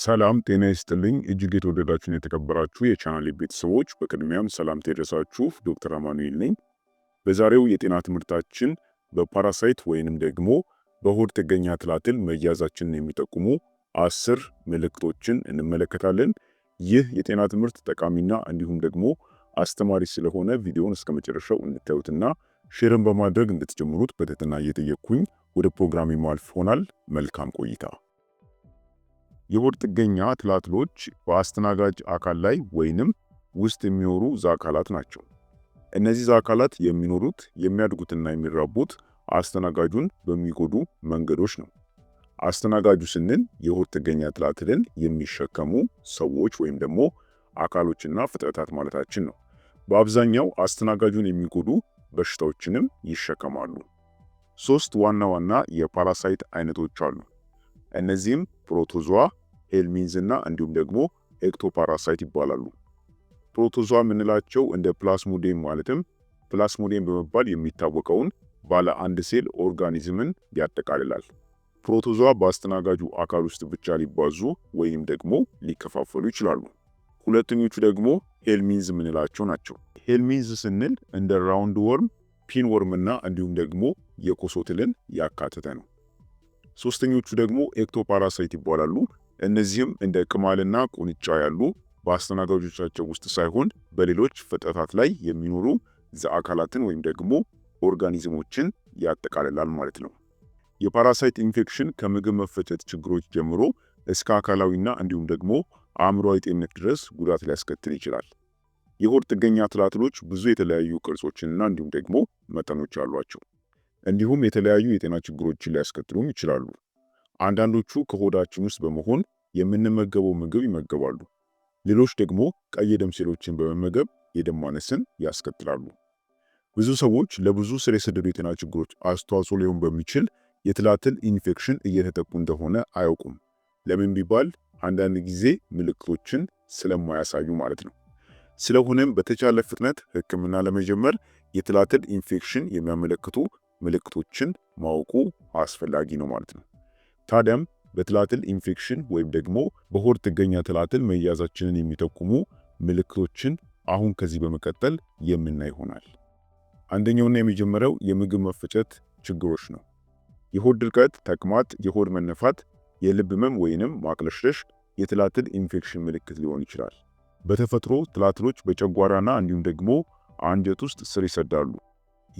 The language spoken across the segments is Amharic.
ሰላም ጤና ይስጥልኝ። እጅግ የተወደዳችሁን የተከበራችሁ የቻናሌ ቤተሰቦች በቅድሚያም ሰላምታ ይድረሳችሁ። ዶክተር አማኑኤል ነኝ። በዛሬው የጤና ትምህርታችን በፓራሳይት ወይንም ደግሞ በሆድ ጥገኛ ትላትል መያዛችንን የሚጠቁሙ አስር ምልክቶችን እንመለከታለን። ይህ የጤና ትምህርት ጠቃሚና እንዲሁም ደግሞ አስተማሪ ስለሆነ ቪዲዮውን እስከ መጨረሻው እንድታዩትና ሼርን በማድረግ እንድትጀምሩት በትህትና እየጠየቅኩኝ ወደ ፕሮግራም የማልፍ ሆናል። መልካም ቆይታ የሆድ ጥገኛ ትላትሎች በአስተናጋጅ አካል ላይ ወይንም ውስጥ የሚኖሩ ዛ አካላት ናቸው። እነዚህ ዛ አካላት የሚኖሩት የሚያድጉትና የሚራቡት አስተናጋጁን በሚጎዱ መንገዶች ነው። አስተናጋጁ ስንል የሆድ ጥገኛ ትላትልን የሚሸከሙ ሰዎች ወይም ደግሞ አካሎችና ፍጥረታት ማለታችን ነው። በአብዛኛው አስተናጋጁን የሚጎዱ በሽታዎችንም ይሸከማሉ። ሶስት ዋና ዋና የፓራሳይት አይነቶች አሉ። እነዚህም ፕሮቶዟ፣ ሄልሚንዝ እና እንዲሁም ደግሞ ኤክቶፓራሳይት ይባላሉ። ፕሮቶዛ የምንላቸው እንደ ፕላስሞዴም ማለትም ፕላስሞዴም በመባል የሚታወቀውን ባለ አንድ ሴል ኦርጋኒዝምን ያጠቃልላል። ፕሮቶዛ በአስተናጋጁ አካል ውስጥ ብቻ ሊባዙ ወይም ደግሞ ሊከፋፈሉ ይችላሉ። ሁለተኞቹ ደግሞ ሄልሚንዝ የምንላቸው ናቸው። ሄልሚንዝ ስንል እንደ ራውንድ ወርም፣ ፒን ወርም እና እንዲሁም ደግሞ የኮሶትልን ያካተተ ነው። ሶስተኞቹ ደግሞ ኤክቶፓራሳይት ይባላሉ። እነዚህም እንደ ቅማልና ቁንጫ ያሉ በአስተናጋጆቻቸው ውስጥ ሳይሆን በሌሎች ፍጥረታት ላይ የሚኖሩ ዘአካላትን ወይም ደግሞ ኦርጋኒዝሞችን ያጠቃልላል ማለት ነው። የፓራሳይት ኢንፌክሽን ከምግብ መፈጨት ችግሮች ጀምሮ እስከ አካላዊና እንዲሁም ደግሞ አእምሯዊ ጤንነት ድረስ ጉዳት ሊያስከትል ይችላል። የሆድ ጥገኛ ትላትሎች ብዙ የተለያዩ ቅርጾችንና እንዲሁም ደግሞ መጠኖች አሏቸው። እንዲሁም የተለያዩ የጤና ችግሮችን ሊያስከትሉም ይችላሉ። አንዳንዶቹ ከሆዳችን ውስጥ በመሆን የምንመገበው ምግብ ይመገባሉ። ሌሎች ደግሞ ቀይ የደም ሴሎችን በመመገብ የደም ማነስን ያስከትላሉ። ብዙ ሰዎች ለብዙ ስር የሰደዱ የጤና ችግሮች አስተዋጽኦ ሊሆን በሚችል የትላትል ኢንፌክሽን እየተጠቁ እንደሆነ አያውቁም። ለምን ቢባል አንዳንድ ጊዜ ምልክቶችን ስለማያሳዩ ማለት ነው። ስለሆነም በተቻለ ፍጥነት ሕክምና ለመጀመር የትላትል ኢንፌክሽን የሚያመለክቱ ምልክቶችን ማወቁ አስፈላጊ ነው ማለት ነው። ታዲያም በትላትል ኢንፌክሽን ወይም ደግሞ በሆድ ጥገኛ ትላትል መያዛችንን የሚጠቁሙ ምልክቶችን አሁን ከዚህ በመቀጠል የምናይ ይሆናል። አንደኛውና የመጀመሪያው የምግብ መፈጨት ችግሮች ነው። የሆድ ድርቀት፣ ተቅማጥ፣ የሆድ መነፋት፣ የልብ ህመም ወይንም ማቅለሽለሽ የትላትል ኢንፌክሽን ምልክት ሊሆን ይችላል። በተፈጥሮ ትላትሎች በጨጓራና እንዲሁም ደግሞ አንጀት ውስጥ ስር ይሰዳሉ።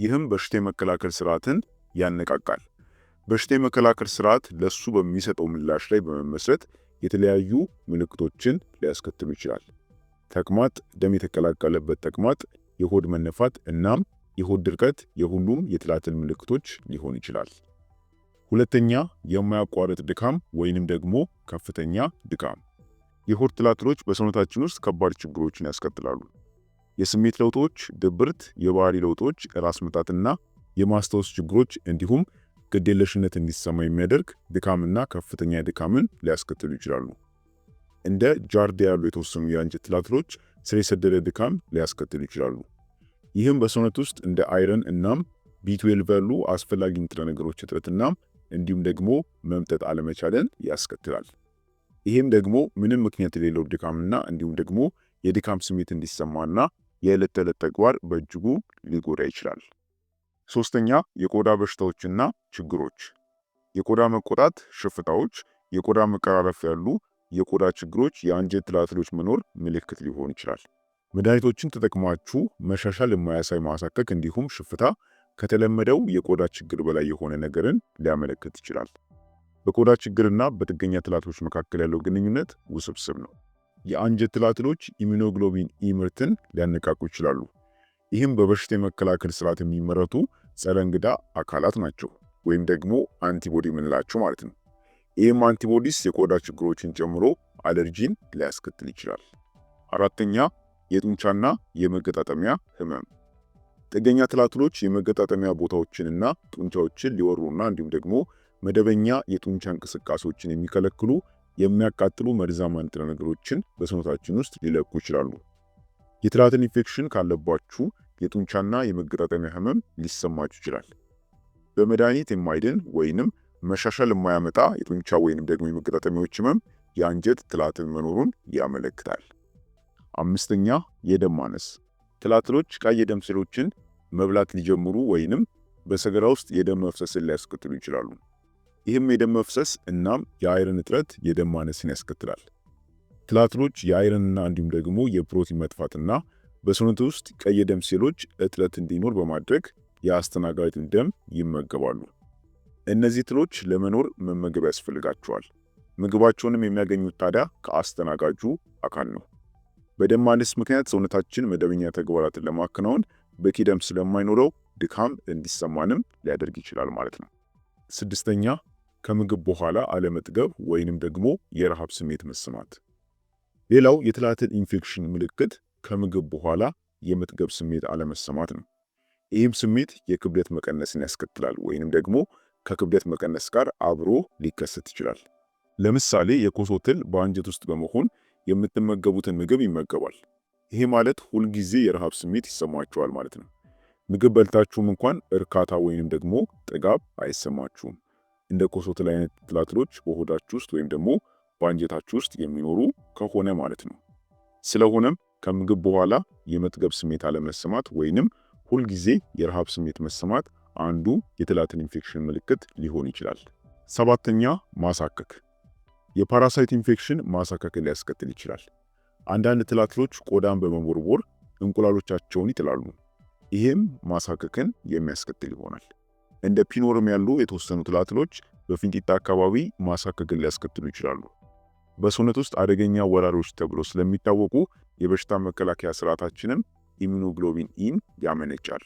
ይህም በሽታ የመከላከል ስርዓትን ያነቃቃል። በሽታ የመከላከል ስርዓት ለሱ በሚሰጠው ምላሽ ላይ በመመስረት የተለያዩ ምልክቶችን ሊያስከትሉ ይችላል። ተቅማጥ፣ ደም የተቀላቀለበት ተቅማጥ፣ የሆድ መነፋት እናም የሆድ ድርቀት የሁሉም የትላትል ምልክቶች ሊሆን ይችላል። ሁለተኛ የማያቋርጥ ድካም ወይንም ደግሞ ከፍተኛ ድካም። የሆድ ትላትሎች በሰውነታችን ውስጥ ከባድ ችግሮችን ያስከትላሉ። የስሜት ለውጦች፣ ድብርት፣ የባህሪ ለውጦች፣ ራስ ምታትና የማስታወስ ችግሮች እንዲሁም ግዴለሽነት እንዲሰማ የሚያደርግ ድካምና ከፍተኛ ድካምን ሊያስከትሉ ይችላሉ። እንደ ጃርዲ ያሉ የተወሰኑ የአንጀት ትላትሎች ስር የሰደደ ድካም ሊያስከትሉ ይችላሉ። ይህም በሰውነት ውስጥ እንደ አይረን እናም ቢ ያሉ አስፈላጊ ንጥረ ነገሮች እጥረትና እንዲሁም ደግሞ መምጠጥ አለመቻለን ያስከትላል። ይህም ደግሞ ምንም ምክንያት የሌለው ድካምና እንዲሁም ደግሞ የድካም ስሜት እንዲሰማና የዕለት ተዕለት ተግባር በእጅጉ ሊጎዳ ይችላል። ሶስተኛ የቆዳ በሽታዎችና ችግሮች የቆዳ መቆጣት፣ ሽፍታዎች፣ የቆዳ መቀራረፍ ያሉ የቆዳ ችግሮች የአንጀት ትላትሎች መኖር ምልክት ሊሆን ይችላል። መድኃኒቶችን ተጠቅማችሁ መሻሻል የማያሳይ ማሳከክ እንዲሁም ሽፍታ ከተለመደው የቆዳ ችግር በላይ የሆነ ነገርን ሊያመለክት ይችላል። በቆዳ ችግርና በጥገኛ ትላትሎች መካከል ያለው ግንኙነት ውስብስብ ነው። የአንጀት ትላትሎች ኢሚኖግሎቢን ኢ ምርትን ሊያነቃቁ ይችላሉ። ይህም በበሽታ የመከላከል ስርዓት የሚመረቱ ጸረ እንግዳ አካላት ናቸው ወይም ደግሞ አንቲቦዲ የምንላቸው ማለት ነው። ይህም አንቲቦዲስ የቆዳ ችግሮችን ጨምሮ አለርጂን ሊያስከትል ይችላል። አራተኛ የጡንቻና የመገጣጠሚያ ህመም። ጥገኛ ትላትሎች የመገጣጠሚያ ቦታዎችንና ጡንቻዎችን ሊወሩና እንዲሁም ደግሞ መደበኛ የጡንቻ እንቅስቃሴዎችን የሚከለክሉ የሚያቃጥሉ መርዛማ ንጥረ ነገሮችን በሰውነታችን ውስጥ ሊለቁ ይችላሉ። የትላትል ኢንፌክሽን ካለባችሁ የጡንቻና የመገጣጠሚያ ህመም ሊሰማችሁ ይችላል። በመድኃኒት የማይድን ወይንም መሻሻል የማያመጣ የጡንቻ ወይንም ደግሞ የመገጣጠሚያዎች ህመም የአንጀት ትላትል መኖሩን ያመለክታል። አምስተኛ የደም ማነስ። ትላትሎች ቀይ የደም ሴሎችን መብላት ሊጀምሩ ወይንም በሰገራ ውስጥ የደም መፍሰስን ሊያስከትሉ ይችላሉ። ይህም የደም መፍሰስ እናም የአይረን እጥረት የደም ማነስን ያስከትላል። ትላትሎች የአይረንና እንዲሁም ደግሞ የፕሮቲን መጥፋትና በሰውነት ውስጥ ቀይ ደም ሴሎች እጥረት እንዲኖር በማድረግ የአስተናጋጅን ደም ይመገባሉ። እነዚህ ትሎች ለመኖር መመገብ ያስፈልጋቸዋል። ምግባቸውንም የሚያገኙት ታዲያ ከአስተናጋጁ አካል ነው። በደም ማነስ ምክንያት ሰውነታችን መደበኛ ተግባራትን ለማከናወን በቂ ደም ስለማይኖረው ድካም እንዲሰማንም ሊያደርግ ይችላል ማለት ነው። ስድስተኛ ከምግብ በኋላ አለመጥገብ ወይንም ደግሞ የረሃብ ስሜት መሰማት። ሌላው የትላትል ኢንፌክሽን ምልክት ከምግብ በኋላ የመጥገብ ስሜት አለመሰማት ነው። ይህም ስሜት የክብደት መቀነስን ያስከትላል ወይንም ደግሞ ከክብደት መቀነስ ጋር አብሮ ሊከሰት ይችላል። ለምሳሌ የኮሶ ትል በአንጀት ውስጥ በመሆን የምትመገቡትን ምግብ ይመገባል። ይሄ ማለት ሁልጊዜ የረሃብ ስሜት ይሰማችኋል ማለት ነው። ምግብ በልታችሁም እንኳን እርካታ ወይንም ደግሞ ጥጋብ አይሰማችሁም። እንደ ኮሶ ትል አይነት ትላትሎች በሆዳችሁ ውስጥ ወይም ደግሞ በአንጀታችሁ ውስጥ የሚኖሩ ከሆነ ማለት ነው። ስለሆነም ከምግብ በኋላ የመጥገብ ስሜት አለመሰማት ወይንም ሁልጊዜ የረሃብ ስሜት መሰማት አንዱ የትላትን ኢንፌክሽን ምልክት ሊሆን ይችላል። ሰባተኛ ማሳከክ። የፓራሳይት ኢንፌክሽን ማሳከክን ሊያስከትል ይችላል። አንዳንድ ትላትሎች ቆዳን በመቦርቦር እንቁላሎቻቸውን ይጥላሉ። ይህም ማሳከክን የሚያስከትል ይሆናል። እንደ ፒኖርም ያሉ የተወሰኑ ትላትሎች በፊንጢጣ አካባቢ ማሳከክን ሊያስከትሉ ይችላሉ። በሰውነት ውስጥ አደገኛ ወራሪዎች ተብሎ ስለሚታወቁ የበሽታ መከላከያ ስርዓታችንም ኢሚኖግሎቢን ኢን ያመነጫል።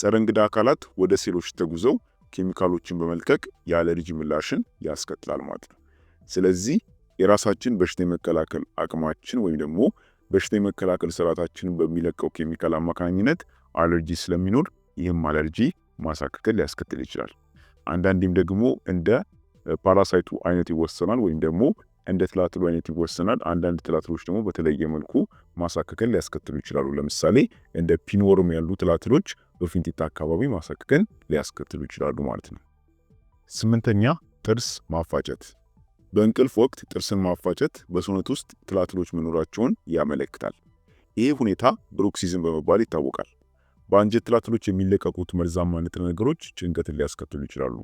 ጸረ እንግዳ አካላት ወደ ሴሎች ተጉዘው ኬሚካሎችን በመልቀቅ የአለርጂ ምላሽን ያስከትላል ማለት ነው። ስለዚህ የራሳችን በሽታ የመከላከል አቅማችን ወይም ደግሞ በሽታ የመከላከል ስርዓታችንን በሚለቀው ኬሚካል አማካኝነት አለርጂ ስለሚኖር ይህም አለርጂ ማሳከከል ሊያስከትል ይችላል። አንዳንዴም ደግሞ እንደ ፓራሳይቱ አይነት ይወሰናል ወይም ደግሞ እንደ ትላትሉ አይነት ይወሰናል። አንዳንድ ትላትሎች ደግሞ በተለየ መልኩ ማሳከከን ሊያስከትሉ ይችላሉ። ለምሳሌ እንደ ፒንወርም ያሉ ትላትሎች በፊንጢጣ አካባቢ ማሳከከን ሊያስከትሉ ይችላሉ ማለት ነው። ስምንተኛ ጥርስ ማፋጨት። በእንቅልፍ ወቅት ጥርስን ማፋጨት በሰውነት ውስጥ ትላትሎች መኖራቸውን ያመለክታል። ይህ ሁኔታ ብሮክሲዝም በመባል ይታወቃል። በአንጀት ትላትሎች የሚለቀቁት መርዛማ ንጥረ ነገሮች ጭንቀትን ሊያስከትሉ ይችላሉ።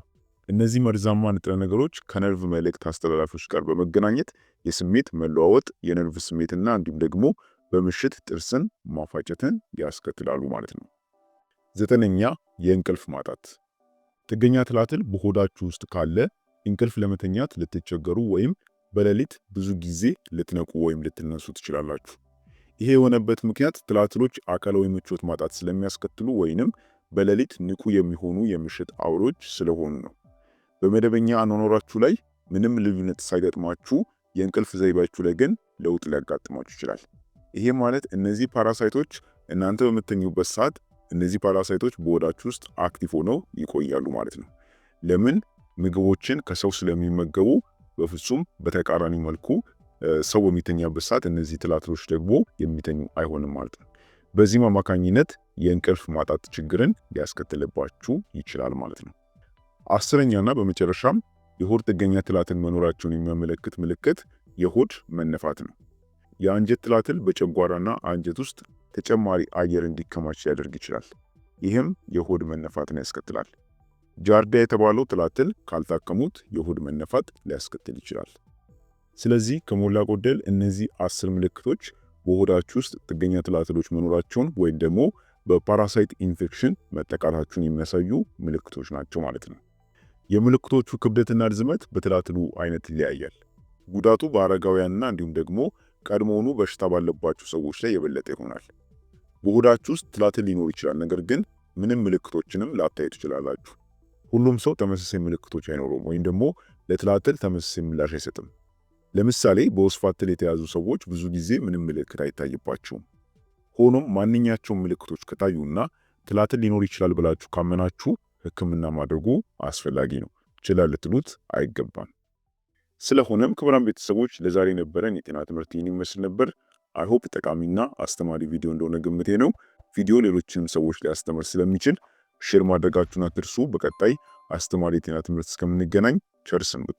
እነዚህ መርዛማ ንጥረ ነገሮች ከነርቭ መልእክት አስተላላፊዎች ጋር በመገናኘት የስሜት መለዋወጥ፣ የነርቭ ስሜትና እንዲሁም ደግሞ በምሽት ጥርስን ማፋጨትን ያስከትላሉ ማለት ነው። ዘጠነኛ የእንቅልፍ ማጣት። ጥገኛ ትላትል በሆዳችሁ ውስጥ ካለ እንቅልፍ ለመተኛት ልትቸገሩ ወይም በሌሊት ብዙ ጊዜ ልትነቁ ወይም ልትነሱ ትችላላችሁ። ይሄ የሆነበት ምክንያት ትላትሎች አካላዊ ምቾት ማጣት ስለሚያስከትሉ ወይንም በሌሊት ንቁ የሚሆኑ የምሽት አውሬዎች ስለሆኑ ነው። በመደበኛ አኗኗራችሁ ላይ ምንም ልዩነት ሳይገጥማችሁ የእንቅልፍ ዘይቤያችሁ ላይ ግን ለውጥ ሊያጋጥማችሁ ይችላል። ይሄ ማለት እነዚህ ፓራሳይቶች እናንተ በምትኙበት ሰዓት እነዚህ ፓራሳይቶች በወዳችሁ ውስጥ አክቲቭ ሆነው ይቆያሉ ማለት ነው። ለምን? ምግቦችን ከሰው ስለሚመገቡ በፍጹም በተቃራኒ መልኩ ሰው በሚተኛበት ሰዓት እነዚህ ትላትሎች ደግሞ የሚተኙ አይሆንም ማለት ነው። በዚህም አማካኝነት የእንቅልፍ ማጣት ችግርን ሊያስከትልባችሁ ይችላል ማለት ነው። አስረኛና በመጨረሻም የሆድ ጥገኛ ትላትል መኖራቸውን የሚያመለክት ምልክት የሆድ መነፋት ነው። የአንጀት ትላትል በጨጓራና አንጀት ውስጥ ተጨማሪ አየር እንዲከማች ሊያደርግ ይችላል። ይህም የሆድ መነፋትን ያስከትላል። ጃርዳ የተባለው ትላትል ካልታከሙት የሆድ መነፋት ሊያስከትል ይችላል። ስለዚህ ከሞላ ጎደል እነዚህ አስር ምልክቶች በሆዳችሁ ውስጥ ጥገኛ ትላትሎች መኖራቸውን ወይም ደግሞ በፓራሳይት ኢንፌክሽን መጠቃታችሁን የሚያሳዩ ምልክቶች ናቸው ማለት ነው። የምልክቶቹ ክብደትና ርዝመት በትላትሉ አይነት ይለያያል። ጉዳቱ በአረጋውያንና እንዲሁም ደግሞ ቀድሞውኑ በሽታ ባለባቸው ሰዎች ላይ የበለጠ ይሆናል። በሆዳችሁ ውስጥ ትላትል ሊኖር ይችላል፣ ነገር ግን ምንም ምልክቶችንም ላታዩ ትችላላችሁ። ሁሉም ሰው ተመሳሳይ ምልክቶች አይኖሩም፣ ወይም ደግሞ ለትላትል ተመሳሳይ ምላሽ አይሰጥም። ለምሳሌ በወስፋት ትል የተያዙ ሰዎች ብዙ ጊዜ ምንም ምልክት አይታይባቸውም። ሆኖም ማንኛቸውም ምልክቶች ከታዩና ትላትል ሊኖር ይችላል ብላችሁ ካመናችሁ ህክምና ማድረጉ አስፈላጊ ነው። ችላ ልትሉት አይገባም። ስለሆነም ክቡራን ቤተሰቦች ለዛሬ ነበረን የጤና ትምህርት ይህን ይመስል ነበር። አይሆፕ ጠቃሚና አስተማሪ ቪዲዮ እንደሆነ ግምቴ ነው። ቪዲዮ ሌሎችንም ሰዎች ሊያስተምር ስለሚችል ሼር ማድረጋችሁን አትርሱ። በቀጣይ አስተማሪ የጤና ትምህርት እስከምንገናኝ ቸር ሰንብቱ።